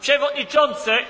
Przewodniczący!